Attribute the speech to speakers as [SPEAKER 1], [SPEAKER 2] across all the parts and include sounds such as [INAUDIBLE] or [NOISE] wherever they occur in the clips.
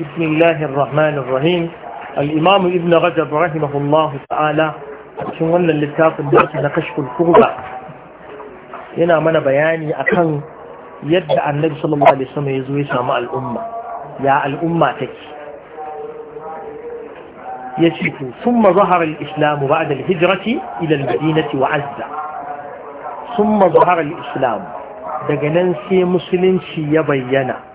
[SPEAKER 1] بسم الله الرحمن الرحيم الإمام ابن رجب رحمه الله تعالى cikin wannan littafin da na kashful kurba yana mana bayani akan yadda annabi sallallahu ya samu al'umma ya al'umma take yace to thumma zahara al-islam ba'da al-hijrati ila al-madinati wa azza islam daga nan sai musulunci ya bayyana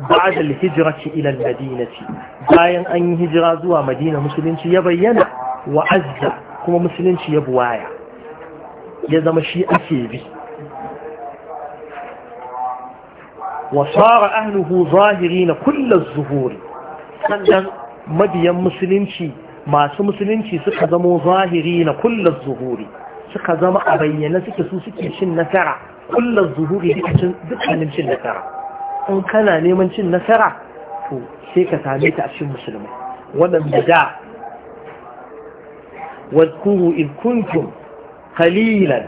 [SPEAKER 1] بعد الهجرة إلى المدينة باين أن هجرة زوا مدينة مسلمين يبين وعز كما مسلمين يبوايا يزم شيء أسيبي وصار أهله ظاهرين كل الظهور sandan mabiyan musulunci masu musulunci suka zama zahiri na kullum zuhuri suka zama a bayyana suke su suke cin nasara kulla zuhuri dukkanin cin nasara in kana neman cin nasara to sai ka same ta a cikin musulmai waɗanda da واذكروا إذ كنتم قليلا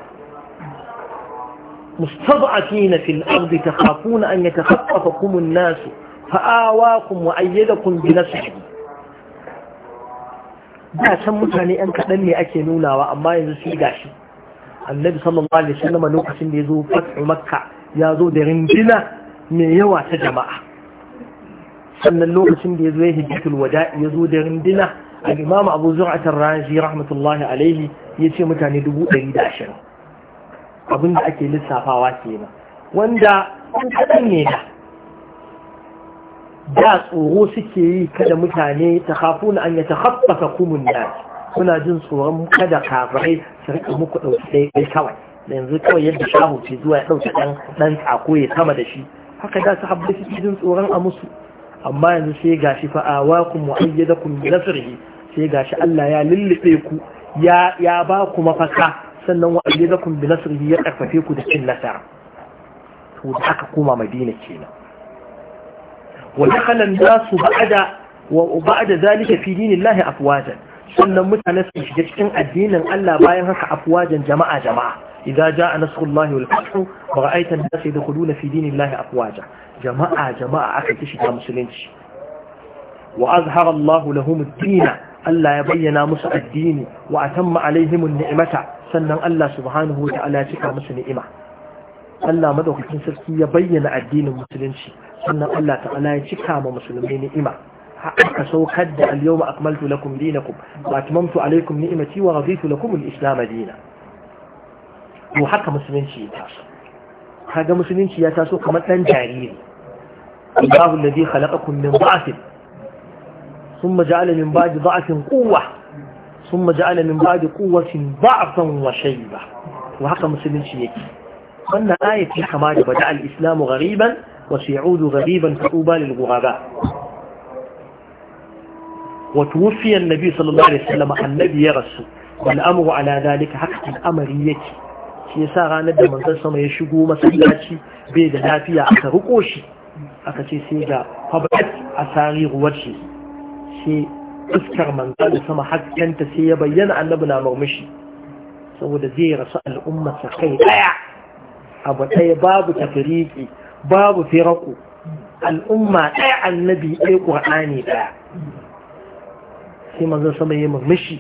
[SPEAKER 1] مستضعفين في الأرض تخافون أن يتخطفكم الناس فآواكم وأيدكم بنصره da can mutane ‘yan kaɗan ne ake nunawa amma yanzu sai gashi annabi sallallahu alaihi wasallam lokacin da ya zo fatu makka ya zo da rindina mai yawa ta jama'a sannan lokacin da ya zo ya hijjatul wada ya zo da rindina a imam abu zur'atar raji rahmatullahi alaihi ya ce mutane dubu ɗari da ashirin abin ake lissafawa kenan wanda an kaɗan ne da da tsoro suke yi kada mutane ta hafu na an yi ta haɓɓaka kumun na. kuna jin tsoron kada kafirai su riƙa muku ɗauki ɗaya kawai yanzu kawai yadda shahu ce zuwa ya ɗauka ɗan ɗan tsako ya sama da shi haka da su habbai suke cikin tsoron a musu amma yanzu sai ga shi fa'a wa ayyadakum bi nasrihi sai gashi Allah ya lullube ku ya ya ba ku mafaka sannan wa kun bi nasrihi ya karfafe ku da cin nasara to da aka koma Madina kenan wa dakhala an-nasu ba'da wa ba'da zalika fi dinillahi afwajan sannan mutane su shiga cikin addinin Allah bayan haka afwajan jama'a jama'a إذا جاء نصر الله والفتح ورأيت الناس يدخلون في دين الله أفواجا جماعة جماعة أكتشف مسلمين وأظهر الله لهم الدين ألا يبين مس الدين وأتم عليهم النعمة سنن الله سبحانه وتعالى تكا مس نعمة ألا مدوك تنسكي يبين الدين المسلمين سنن الله تعالى تكا مسلمين نعمة حقك سوكد اليوم أكملت لكم دينكم وأتممت عليكم نعمتي ورضيت لكم الإسلام دينا to haka musulunci ya Ta kaga musulunci ya taso kamar ɗan jariri Allahu alladhi khalaqakum min da'fin thumma ja'ala min ba'di da'fin quwwa thumma ja'ala min ba'di quwwatin da'fan wa shayba wa haka musulunci yake wannan ayati kama da bada al-islamu ghariban wa sayudu ghariban tuuba lil ghuraba wa tuwfiya an-nabi annabi alaihi wasallam an-nabi ya rasul wal amru ala dhalika haqqan amri yake shi yasa ranar da manzon sama ya shigo masallaci bai da lafiya aka riko shi aka ce sai ga fabat asari ruwar shi sai fuskar manzon sama yanta sai ya bayyana annabi na murmushi saboda zai rasu al'ummarsa kai daya abu ɗaya babu tafiriki babu firaku al'umma ɗaya annabi ɗaya ƙur'ani ɗaya sai manzon sama ya murmushi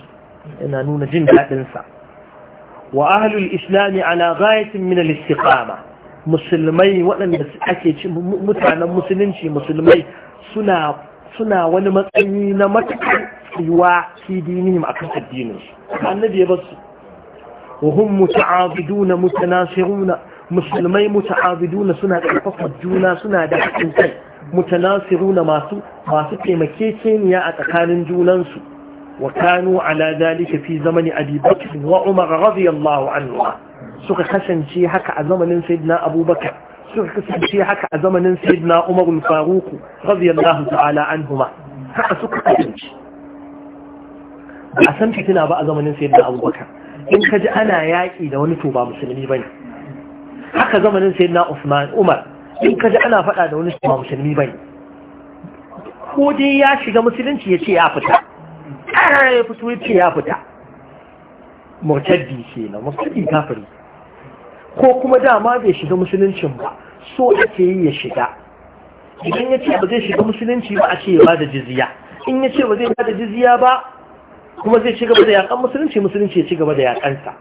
[SPEAKER 1] yana nuna jin daɗinsa wa ahlul islami ala ghayatin min al-istiqama musulmai waɗanda ake ci mutanen musulunci musulmai suna wani matsayi na matakan tsayuwa fi dinihim akan addinin su annabi ya basu wa hum muta'abiduna mutanasiruna musulmai muta'abiduna suna karfafa juna suna da haɗin kai mutanasiruna masu masu taimakekeniya a tsakanin junansu وكانوا على ذلك في زمن أبي بكر وعمر رضي الله عنه سوك حسن شيحك زمن سيدنا أبو بكر سوك حسن شيحك زمن سيدنا عمر الفاروق رضي الله تعالى عنهما haka suka kasance ba a san fitina ba a zamanin sayyidina abubakar in ka ana yaƙi da wani to musulmi ba haka zamanin sayyidina umar in ka ana faɗa da wani musulmi ko dai ya shiga musulunci ya ce ya fita ƙarar ya fito ya ce ya fita murtaddi ce na murtaddi kafiri ko kuma dama bai shiga musuluncin ba so ake yi ya shiga idan ya ce ba zai shiga musulunci ba a ce ya bada jizya in ya ce ba zai bada jizya ba kuma zai cigaba da yakan musulunci musulunci ya ci gaba da yakansa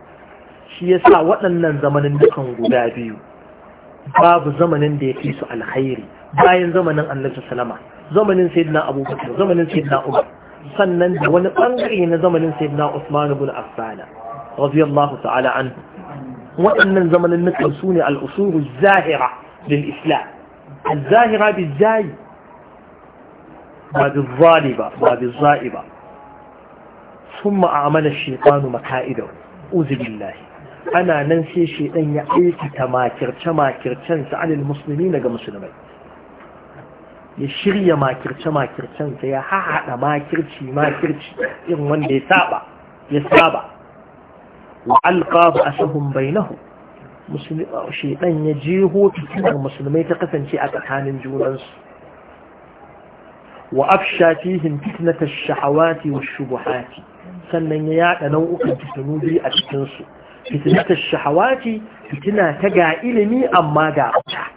[SPEAKER 1] shi ya sa waɗannan zamanin dukan guda biyu babu zamanin da ya fi su alhairi bayan zamanin annabi salama zamanin sayyidina abubakar zamanin sayyidina umar sannan da wani bangare na zamanin sayyidina Usman ibn Affan radiyallahu ta'ala anhu waɗannan zamanin nukan su ne al zahira lil islam al-zahira bil zai ba bil zaliba ba bil zaiba ثم أعمل الشيطان مكائده أعوذ بالله sai ننسي ya يأيك تماكر تماكر تنسى عن المسلمين ya shirya makirce makircen sa ya haɗa makirci makirci irin wanda ya saba ya saba wa alqa ba'sahum bainahum musulmi shedan ya jeho fitinar musulmai ta kasance a tsakanin junansu wa afsha fihim ta shahawati wa shubuhati sannan ya yaɗa nau'ukan fitinu biyu a cikin su ta shahawati fitina ta ga ilimi amma ga wata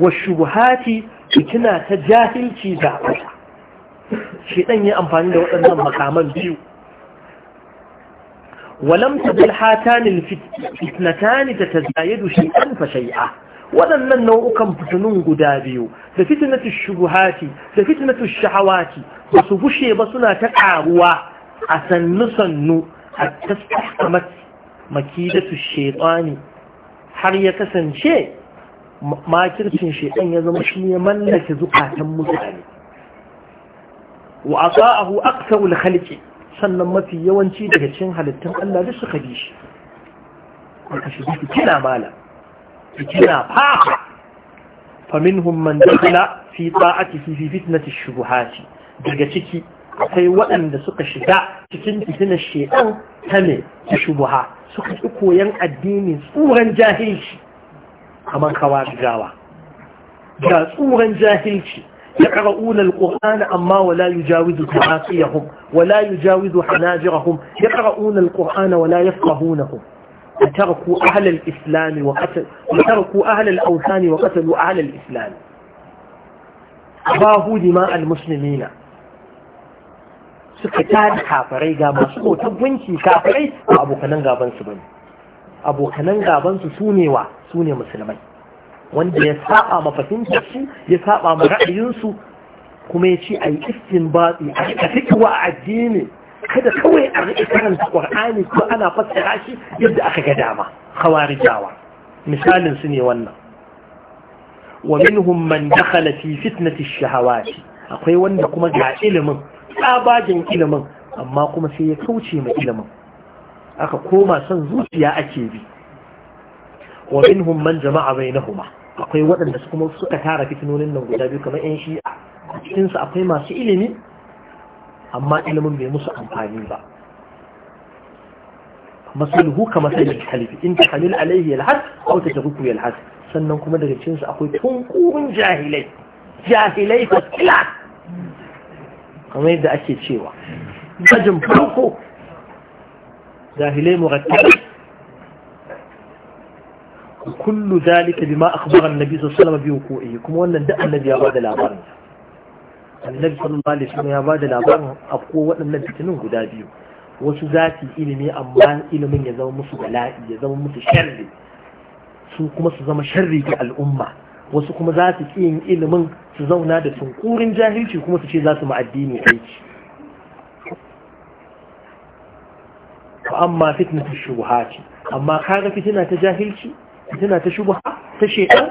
[SPEAKER 1] Wa shubuhati fitina ta jahilci zaɓata, wata shi ɗan yi amfani da waɗannan makaman biyu walamta ta bilhatanin fitnatani ta tazayidu shi ɗan fashai'a. waɗannan nau'ukan fitinun guda biyu da fitinatu shubuhati da fitinatu shahawati ba su bushe ba suna ta ƙaruwa a sannu-sannu a tasirkamar makidatu shaitani har ya kasance makircin shaidan ya zama shi ne mallake zukatan mutane wa asa'ahu aktharul khalqi sannan mafi yawanci daga cikin halittun Allah da suka bi shi aka shiga fitina mala fitina fa faminhum man dakhala fi ta'atihi fi fitnati shubuhati daga ciki akwai waɗanda suka shiga cikin fitinar shaidan ta ne ta shubuha suka ki koyan addini tsuran jahilci kamar kawa gawa ga jahilci ya kara unar amma wala yi jawizu ta hafiya hun wala yi jawizu hanajira hun ya kara unar ƙorani wala ya fahuna hun a taraku ahalar islami wa katalu ahalar islami ba hu al-musulmi na suka ta da kafirai ga masu kota gunki kafirai abokanan gabansu bane abokanan gabansu su ne wa musulmai wanda ya saba ma shi, ya saba ma ra'ayinsu kuma ya ce a yi istin batsi a ka fiki wa addini kada kawai a riƙe karanta ƙwar'ani ko ana fassara shi yadda aka ga dama hawarijawa misalin su ne wannan wa minhum man dakhala fi fitnati shahawati akwai wanda kuma ga ilimin tsabajin ilimin amma kuma sai ya kauce ma ilimin aka koma son zuciya ake bi wa minhum man jama'a bainahuma akwai waɗanda su kuma suka tara fitinonin nan guda biyu kamar yan shi'a a cikin akwai masu ilimi amma ilimin bai musu amfani ba masalhu ka masalin kalifi in ta halil alaihi yalhas aw ta tabuku sannan kuma daga cikin su akwai tunkurun jahilai jahilai fasila kamar yadda ake cewa majin farko جاهلي مرتب كل ذلك بما أخبر النبي صلى الله عليه وسلم بوقوعه كما أن النبي أباد الأبار النبي صلى الله عليه وسلم أباد الأبار أبقوا waɗannan النبي guda biyu, wasu zati ilimi amma ilimin ya zama musu bala'i ya zama musu sharri su kuma su zama sharri ga al'umma wasu kuma za su yin ilimin su zauna da tunkurin jahilci kuma su ce za su addini aiki amma fitnatu ce. amma kaga fitina ta jahilci fitina ta shubha ta shaytan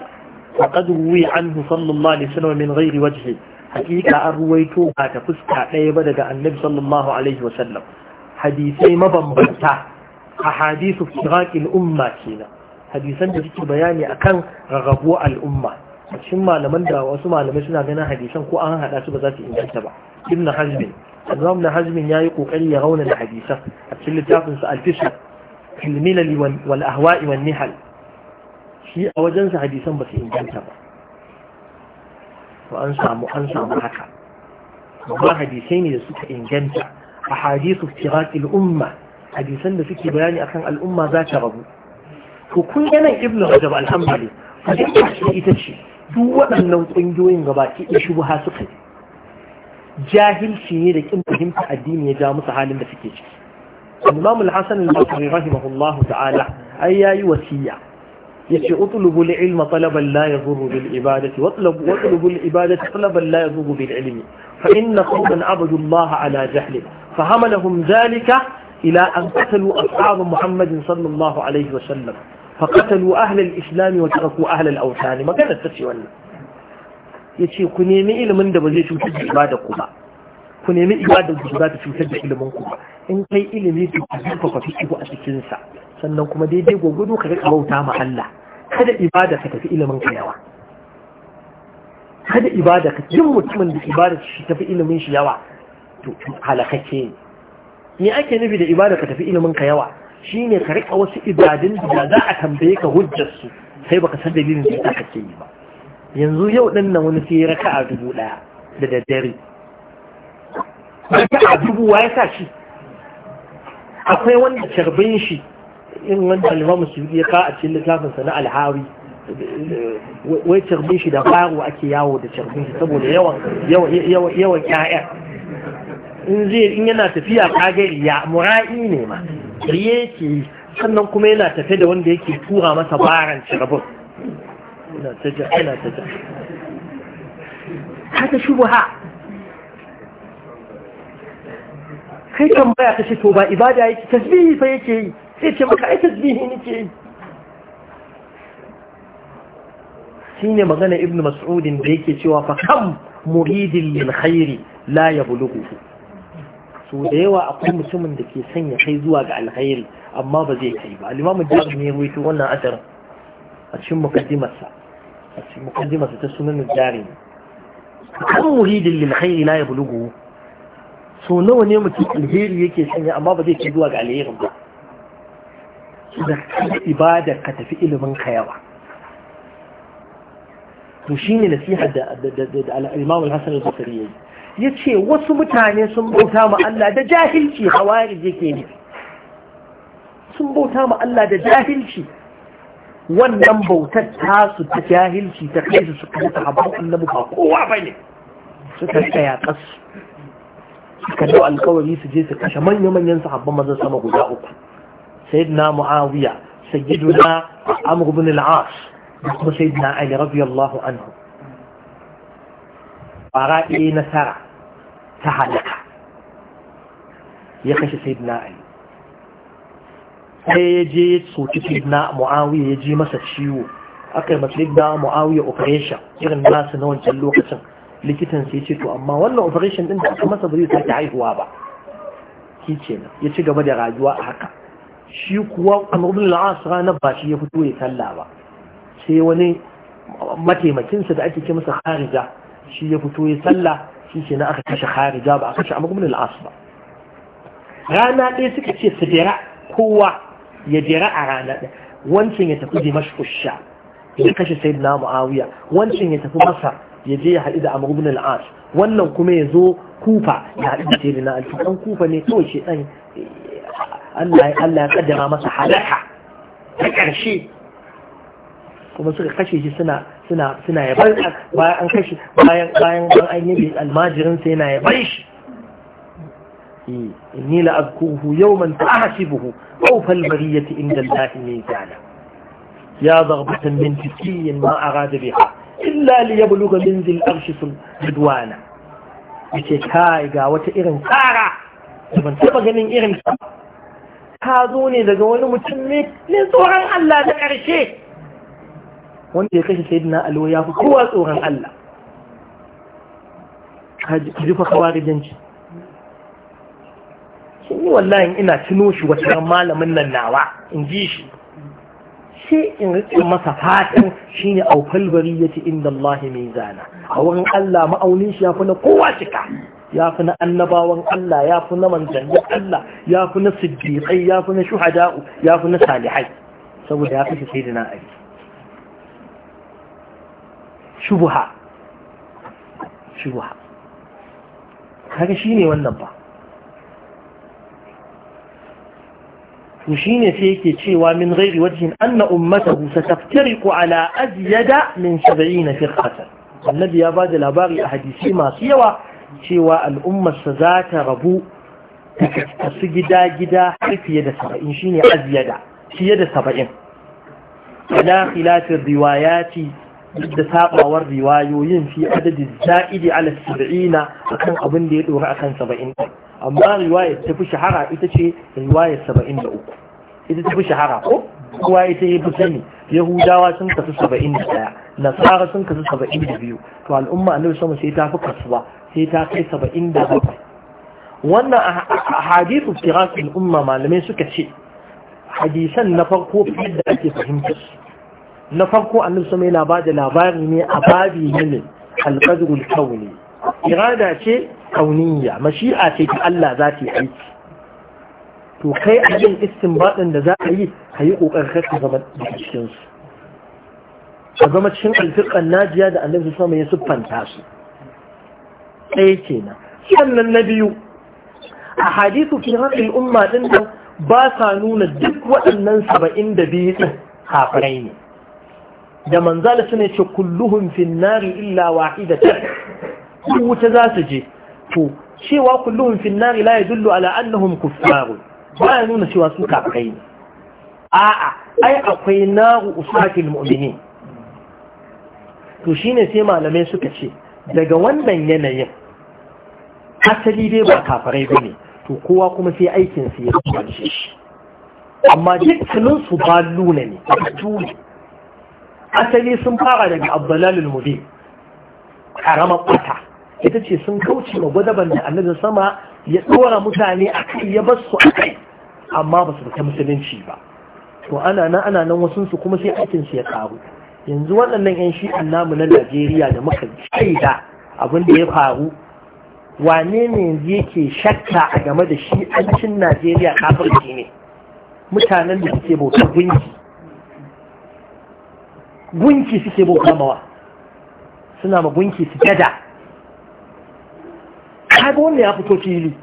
[SPEAKER 1] faqad ruwi anhu sallallahu alaihi sanar min ghairi wajhi hakika an ruwaito ba ta fuska ɗaya ba daga annabi sallallahu alaihi wasallam hadisai mabambanta a hadisu firaqil umma kenan hadisan da suke bayani akan rarrabuwar al'umma a cikin malaman da wasu malamai suna ganin hadisan ko an haɗa su ba za su inganta ba ibn hazbin ibn hazmin yayi kokari ya rauna da hadisa a cikin littafin sa al-fisl fil milal shi a wajen sa ba su inganta ba to an samu an samu haka ba hadisai ne da suka inganta a hadisu tirati al da suke bayani akan al'umma umma za ta rabu to kun ga nan ibn rajab alhamdulillah fa duk ita ce duk waɗannan ƙungiyoyin gaba ɗaya shubuha suka yi jahilci ne da kin fahimta addini ya ja musu halin da suke ciki Imam al-Hasan al-Basri rahimahullah ta'ala ai yayi wasiya yace utlubu al-ilma talaban la yadhurru bil ibadati watlubu watlubu al-ibadati talaban la yadhurru bil ilmi fa inna qawman abadu Allah ala jahli fa hamalahum dhalika ila an qatalu ashab Muhammad sallallahu alayhi wa sallam فقتلوا أهل الإسلام وتركوا أهل الأوثان ما كانت تسي wannan ya ce ku nemi ilimin da ba zai cutar da ibada ku ba ku nemi ibada da za ta cutar da ilimin ku ba in kai ilimi ku zurfafa fikihu a cikinsa sannan kuma daidai gwagwado ka rika bauta ma Allah kada ibada ka tafi ilimin ka yawa kada ibada ka jin mutumin da ibada shi tafi ilimin shi yawa to halakake ne me ake nufi da ibada ka tafi ilimin ka yawa shine ka rika wasu ibadun da za a tambaye ka hujjar su sai baka san dalilin da ka ke yi ba yanzu yau ɗin nan wani sai raka a dubu ɗaya da daddare raka a dubu wa ya sa shi akwai wanda carbin shi in wanda alimamu su ya kawo a cikin littafinsa na alhawi wai carbin shi da faru ake yawo da carbin shi saboda yawan yawan in zai in yana tafiya kagari ya mura'i ne ma riye ke sannan kuma yana tafe da wanda yake tura masa baran carbin إلى تجح إلى تجح هذا شبهة
[SPEAKER 2] خير كم بايا خشي
[SPEAKER 1] توبا إبادة يتي تسبيه فيتي
[SPEAKER 2] خير كم بايا تسبيه نتي
[SPEAKER 1] سين مغانا ابن مسعود بيكي سوا فكم مريد للخير لا يبلغه سوديوا أقوم سمن دكي سنة خيزواق على الخير أما بزيكي الإمام الجاغ ميرويتو وانا أثر أتشم مقدمة السعب مقدمة السنن الجاري كم مريد للخير لا يبلغه so nawa ne mutum alheri yake sanya amma ba zai ke zuwa ga alherin ba su da ibada ka tafi ilimin ka yawa nasiha da al'imam al-hassan al-basari ya ce wasu mutane sun bauta ma Allah da jahilci ne sun bauta ma Allah da jahilci wannan bautar ta su ta jahilci ta kai su suka ta haɓar annabi ba kowa ba ne suka tsaya ƙasu suka dau alkawari su je su kashe manya-manyan su haɓar mazan sama guda uku sai sayyidina muawiya sai amr na amurbin al'as da kuma sai sayyidina ali radiyallahu anhu fara nasara ta halaka ya kashe sai sayyidina ali sai ya je ya na ya ji masa ciwo aka yi masu da mu'awiyar operation irin nasu na wancan lokacin likitan sai ce to amma wannan operation din da aka masa ba zai ta haihuwa ba shi ce ya ci gaba da rayuwa a haka shi kuwa amurin la'as ranar ba shi ya fito ya talla ba sai wani mataimakinsa da ake ce masa harija shi ya fito ya salla, shi ce na aka kashe harija ba a kashe amurin la'as ba rana ɗaya suka ce su kowa ya jira a rana ɗaya wancan ya tafi dimashkus sha ya kashe sai na mu'awiya wancan ya tafi masa ya je ya haɗu da amur ibn wannan kuma ya zo kufa ya haɗu da sai na alfi ɗan kufa ne kawai shi ɗan Allah ya kaddara masa halaka ta ƙarshe kuma suka kashe shi suna suna suna bayan an kashe bayan bayan an yi almajirin sai yana yabar shi ce ni la'azkuhu yawman ta'hasibuhu qawfal bariyati inda Allah mizana ya zaghbatan min tikiyin ma arada ya illa liyabluga min zil na. jidwana yace kai ga wata irin tsara da ban taba ganin irin ta ta zo ne daga wani mutum ne ne tsoron Allah da karshe wanda ya kashe sayyidina alwa ya fi kowa tsoron Allah ka ji fa kawarijanci ni wallahi ina tuno shi wata malamin nan nawa in ji shi Shi in rikin masa fatan shine aufal bari yace inda Allah mai zana a wurin Allah ma'aunin shi ya fi na kowa cika Ya fi na annabawan Allah fi na manzannin Allah ya fi na ya fi na shuhada'u fi na salihai saboda ya fi sayyidina Ali shubha shubha kaga ne wannan ba to shine sai yake cewa min ghairi wajhin anna ummatahu sataftariqu ala azyada min 70 firqatan annabi ya bada labari a hadisi masu yawa cewa al'ummarsa za ta rabu ta su gida gida har fiye da 70 shine azyada fiye da 70 ala khilafin riwayati da sabawar riwayoyin fi adadin za'idi ala 70 akan abin da ya dora akan 70 amma riwayar ta fi shahara ita ce riwayar 73 ita ta fi shahara ko Kuwa ita yi fi sani yahudawa sun kasu 71 nasara sun kasu 72 to al'umma annabi sama sai ta fi kasuwa sai ta kai 77 wannan a hadithu firasul umma malamai suka ce hadisan na farko fiye da ake fahimta na farko annabi sama yana ba da labari ne a babi ne ne alƙadrul kauni irada ce kauniya mashi'a ce ta Allah za ta yi aiki to kai a yin istinbadin da za a yi ka yi kokarin ka zama cikin su ka zama cikin alfiqan najiya da annabi sama ya siffanta su ɗaya kenan sannan na biyu a hadithu fi umma ɗin nan ba sa nuna duk waɗannan saba'in da biyu ɗin kafirai ne da manzala suna ce kulluhun finnari illa wahida ta
[SPEAKER 2] duk wuta za
[SPEAKER 1] su je to cewa kulluhum fi an-nar la ala annahum kuffar ba ya nuna cewa su kafirai ne a'a ai akwai naru usatil mu'minin to shine sai malamai suka ce daga wannan yanayin asali dai ba kafirai bane to kowa kuma sai aikin sa ya kwace shi amma dukkanin su balluna ne tuli asali sun fara daga abdalalul mubin karamar bata ita ce sun kauce ma gwadaban da annabin sama ya tsora mutane a kai ya bar su a kai amma ba su fita musulunci ba to ana nan ana nan wasu su kuma sai aikin su ya karu yanzu waɗannan yan shi'an namu na Najeriya da muka shaida abin da ya faru wane ne yanzu yake shakka a game da shi shi'ancin Najeriya kafirci ne mutanen da suke bautar gunki gunki suke bautar mawa suna ma gunki su sujada kaga wannan ya fito fili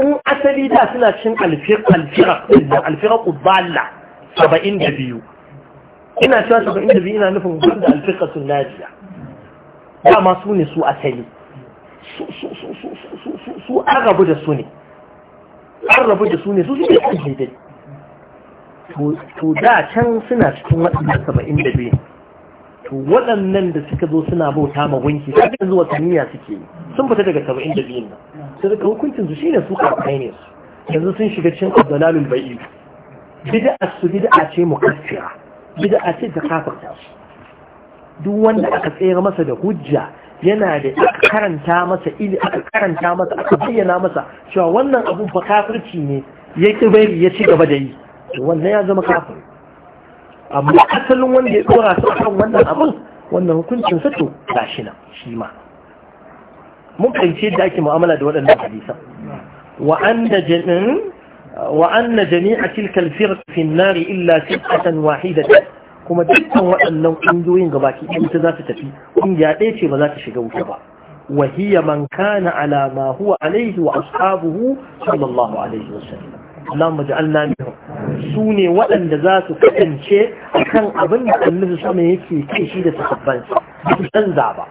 [SPEAKER 1] in asali da suna cin alfira ƙuballa saba'in da biyu ina cewa saba'in da biyu ina nufin gudun da alfira sun najiya dama su ne su asali su an rabu da su ne an rabu da su ne su suke kan daidai to da can suna cikin waɗanda saba'in da biyu to waɗannan da suka zo suna bauta ma wanki ta ga zuwa taniya suke yi sun fita daga 72 nan sai daga hukuncin su shine su kai ne su yanzu sun shiga cikin abdalalul bai'i bid'a su bid'a ce mukaffira bid'a ce ta kafirta su duk wanda aka tsere masa da hujja yana da aka karanta masa ili aka karanta masa aka bayyana masa cewa wannan abu fa kafirci ne ya ki ya ci gaba da yi wannan ya zama kafiri amma asalin wanda ya dora su akan wannan abin wannan hukuncin sato ga shi na. shi ma mun fahimci yadda ake mu'amala da waɗannan hadisan wa anna jami'a tilka al-firq illa sitatan wahidatan kuma dukkan waɗannan ƙungiyoyin gabaki ɗaya ita za ta tafi ƙungiya ɗaya ce ba za ta shiga wuta ba وهي من كان على wa هو عليه وأصحابه sallallahu الله wa sallam. اللهم اجعلنا منهم su waɗanda za su kasance a kan abin da annabi sama yake kai shi da sahabbansa su canza ba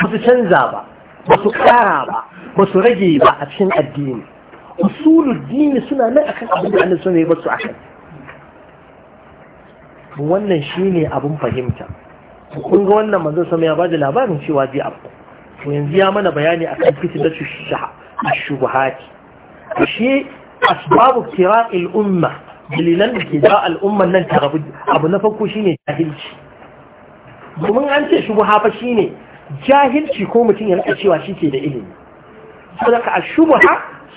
[SPEAKER 1] ba su canza ba ba su ƙara ba ba su rage ba a cikin addini usulul dini suna nan akan abin da annabi sama ya bar su akan wannan shine abin fahimta kun ga wannan manzon sama ya bada labarin cewa ji abu to yanzu ya mana bayani akan fitnatu shubhati ashe asbabu firaqil umma dalilan da ke da al'umman nan ta rabu abu na farko shine jahilci domin an ce shubha fa shine jahilci ko mutum ya rika cewa shi ke da ilimi saboda ka shubha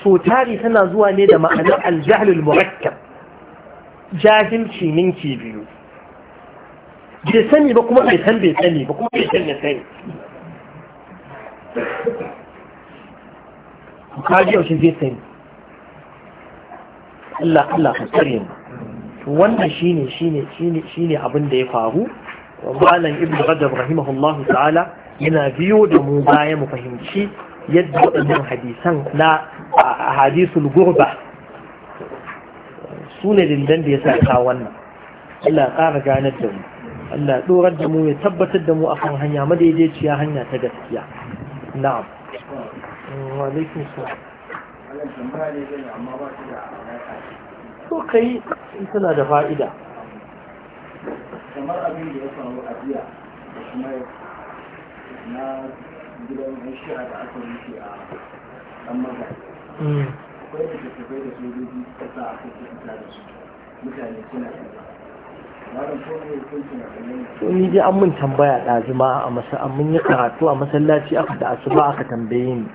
[SPEAKER 1] so tana zuwa ne da ma'anar aljahlul murakkab jahilci ninki biyu bai sani ba kuma san bai sani ba kuma bai san sani zai
[SPEAKER 2] Allah Allah ka tsare mu
[SPEAKER 1] wannan shine shine shine shine abin da ya faru malam ibn rajab rahimahullahu ta'ala yana biyo da mu baya mu fahimci yadda wadannan hadisan na hadisul gurba Sune ne dindan da ya sa ka wannan Allah ƙara ganar da mu Allah ɗorar da mu ya tabbatar da mu akan kan hanya madaidaiciya hanya ta gaskiya na'am wa alaikum salam
[SPEAKER 2] so
[SPEAKER 1] ka yi in tana da fa'ida
[SPEAKER 2] kamar abin da ya faru a biya da kuma na gidan shi'a da aka rufe a Dan maza mm. akwai da tattafai da sojoji ta sa aka fita da su mutane suna to ni dai an
[SPEAKER 1] mun tambaya ɗazuma a masa an mun yi karatu a masallaci aka da asuba aka tambaye ni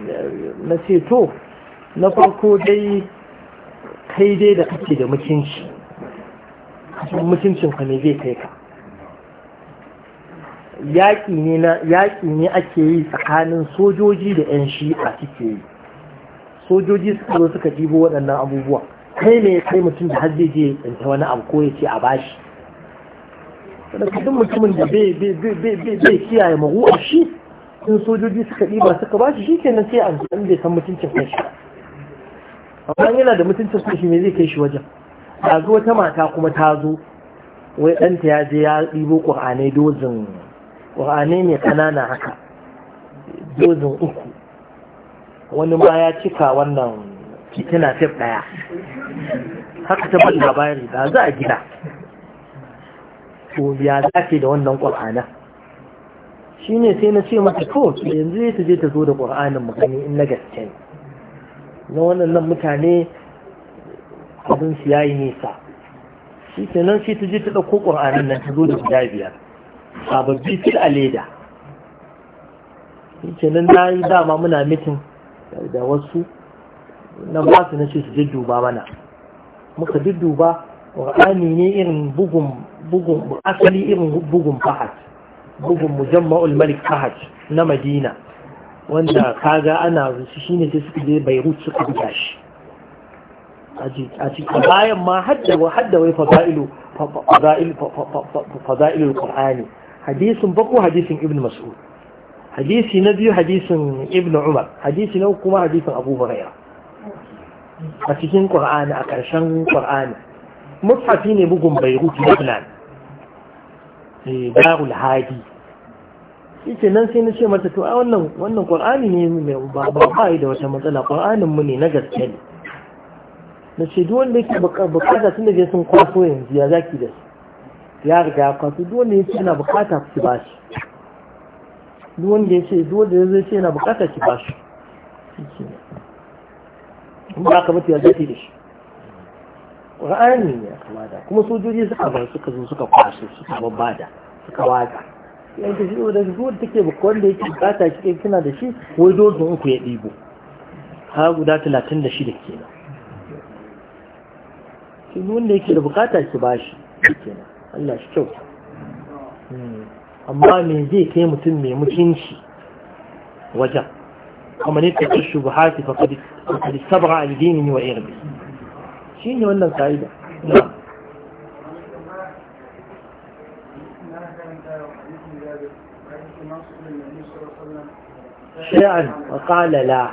[SPEAKER 1] na na farko dai kai dai da kake da mutunci kasan mutuncin ka ne zai kai ka yaƙi ne ake yi tsakanin sojoji da 'yan shi'a suke yi sojoji suka zo suka ɗibo waɗannan abubuwa kai ne kai mutum da har zai je ta wani abu ko ya ce a bashi da duk mutumin da bai kiyaye mahu a shi in sojoji suka ɗiba suka ba shi nan sai an san bai san mutuncin shi amma yana da mutuncin shi me zai kai shi wajen a zo ta mata kuma ta zo wai ɗanta ya je ya ɗibo ƙur'anai dozin ƙur'anai ne ƙanana haka dozin uku wani ma ya cika wannan fitina fif ɗaya
[SPEAKER 2] haka ta ban labari ba za a gida
[SPEAKER 1] to ya zafi da wannan ƙur'anan shi ne sai na ce mata ko yanzu ya ta je ta zo da ƙwar'anin magani gani in na gaske ne na waɗannan mutane abin su yayi nisa shi ke nan shi ta je ta ɗauko ƙwar'anin nan ta zo da guda biyar sababbi fil a leda shi ke nan na yi dama muna mitin da wasu na ba su na ce su duba mana muka duba ƙur'ani ne irin bugun asali irin bugun fahad bugun mujamma'ul malik ahad na madina wanda kaga ana rusu shi ne sai suke beirut suka buga shi a cikin bayan ma hadda wai fada'ilu qur'ani hadisin bako hadisin ibn mas'ud hadisi na biyu hadisin ibn umar hadisi na kuma hadisin abu huraira a cikin qur'ani a ƙarshen qur'ani mutafi ne bugun beirut lebanon
[SPEAKER 2] Eh, darul hadi
[SPEAKER 1] yace nan sai na ce mata to a wannan wannan qur'ani ne mai ba ba da wata matsala qur'anin mu ne na gaske ne na ce duk wanda yake bukata tun da sun kwaso yanzu ya zaki da su ya riga ya kwaso duk wanda yake yana bukata ki ba shi duk wanda yake duk wanda yake yana bukata ki ba shi ba ka mutu ya zaki da shi ƙur'ani ne kama da kuma sojoji suka bar suka zo suka kwashe suka babbada suka waka yan ta shi da shigo da take baka wanda yake bukata shi kina da shi wai dozin uku ya ɗigo ha guda talatin da shida kenan shi wanda yake da bukata shi ba shi kenan Allah shi kyauta hmm. amma me zai kai mutum mai mutunci wajen kamar ne ta kashi buhati fa kadi sabra al dini wa irbi شيني ولا سعيدة؟
[SPEAKER 2] نعم شاعر
[SPEAKER 1] وقال لا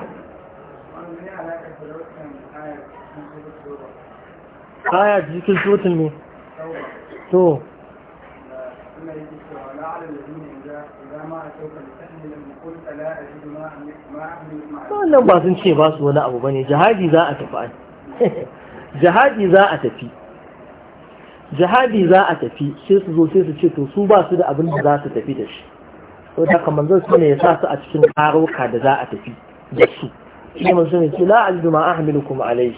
[SPEAKER 1] آية ذيك الجوة المي
[SPEAKER 2] تو ما لا باس
[SPEAKER 1] انشي باس ولا ابو بني جهادي ذا اتفعل [LAUGHS] jihadi za a tafi jihadi za a tafi sai su zo sai su ce to su ba su da abin da za su tafi da shi sau da kamar zai su ne ya sa su a cikin karoka da za a tafi da su shi mun sun ce la ajidu ma ahmilukum alayhi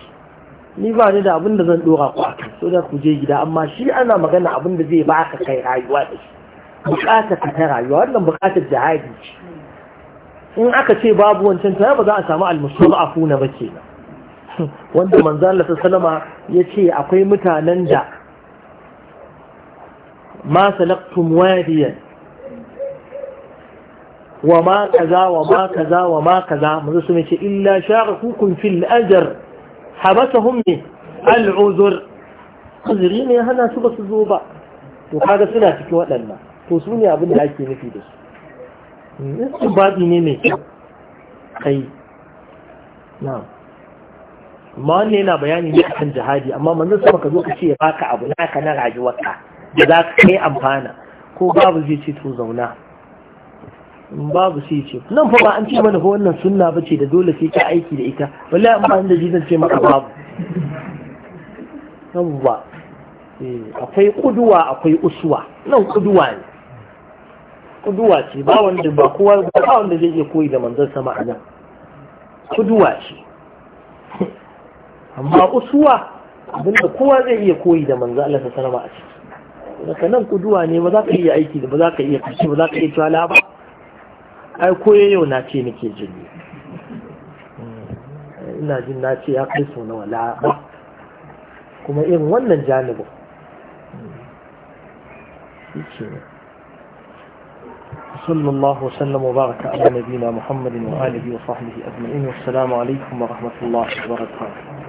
[SPEAKER 1] ni ba ni da abin da zan dora ku akai so da ku je gida amma shi ana magana abin da zai baka kai rayuwa da shi bukatar ka ta rayuwa wannan bukatar jihadi ce in aka ce babu wancan ta ba za a samu a afuna ba kenan wanda Manzala ta salama ya ce akwai mutanen da ma salaktum wadiyan wa ma kaza wa ma kaza wa ma kaza manzo sun ce illa hukun fil ajar habata hunne al'uzur uzur ne hana su ba su zo ba to kaga suna cikin waɗannan to su ne abin da ake nufi da
[SPEAKER 2] su hmm, in
[SPEAKER 1] babi ne mai kai na'am amma wannan yana bayani ne akan jihadi amma manzon sama ka zo ka ce ba baka abu naka na ka da za ka kai amfana ko babu zai ce to zauna babu sai ce nan fa ba an ce mana fa wannan sunna bace da dole sai ka aiki da ita wallahi amma inda ji zan ce maka babu yawwa eh, akwai kuduwa akwai uswa nan kuduwa ne kuduwa ce ba wanda ba kowa ba wanda zai iya koyi da manzon sama a nan kuduwa ce amma usuwa abinda kowa zai iya koyi da manzo Allah sallallahu alaihi wasallam daga nan kuduwa ne ba za ka iya aiki da ba za ka iya kashi ba za ka iya tsala ba ai koye yau na ce nake jini ina jin na ce ya kai sona wala ba kuma irin wannan janibin shi صلى الله وسلم وبارك على نبينا محمد وآله وصحبه أجمعين والسلام عليكم ورحمة الله وبركاته